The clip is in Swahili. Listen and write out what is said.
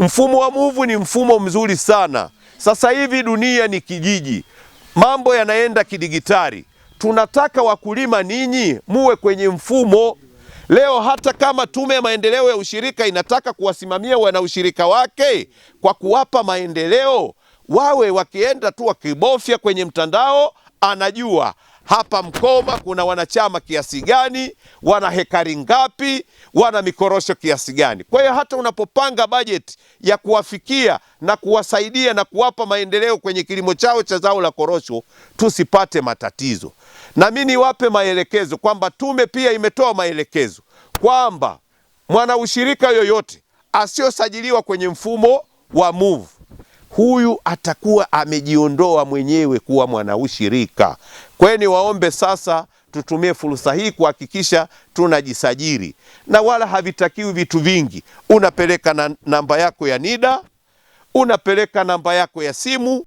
Mfumo wa MUVU ni mfumo mzuri sana. Sasa hivi dunia ni kijiji, mambo yanaenda kidigitali. Tunataka wakulima ninyi muwe kwenye mfumo. Leo hata kama Tume ya Maendeleo ya Ushirika inataka kuwasimamia wanaushirika wake kwa kuwapa maendeleo, wawe wakienda tu wakibofya kwenye mtandao anajua hapa Mkoma kuna wanachama kiasi gani, wana hekari ngapi, wana mikorosho kiasi gani. Kwa hiyo hata unapopanga bajeti ya kuwafikia na kuwasaidia na kuwapa maendeleo kwenye kilimo chao cha zao la korosho, tusipate matatizo. Na mimi niwape maelekezo kwamba tume pia imetoa maelekezo kwamba mwanaushirika yoyote asiyosajiliwa kwenye mfumo wa MUVU huyu atakuwa amejiondoa mwenyewe kuwa mwanaushirika. Kwa hiyo waombe sasa tutumie fursa hii kuhakikisha tunajisajili, na wala havitakiwi vitu vingi. Unapeleka na namba yako ya NIDA, unapeleka namba yako ya simu.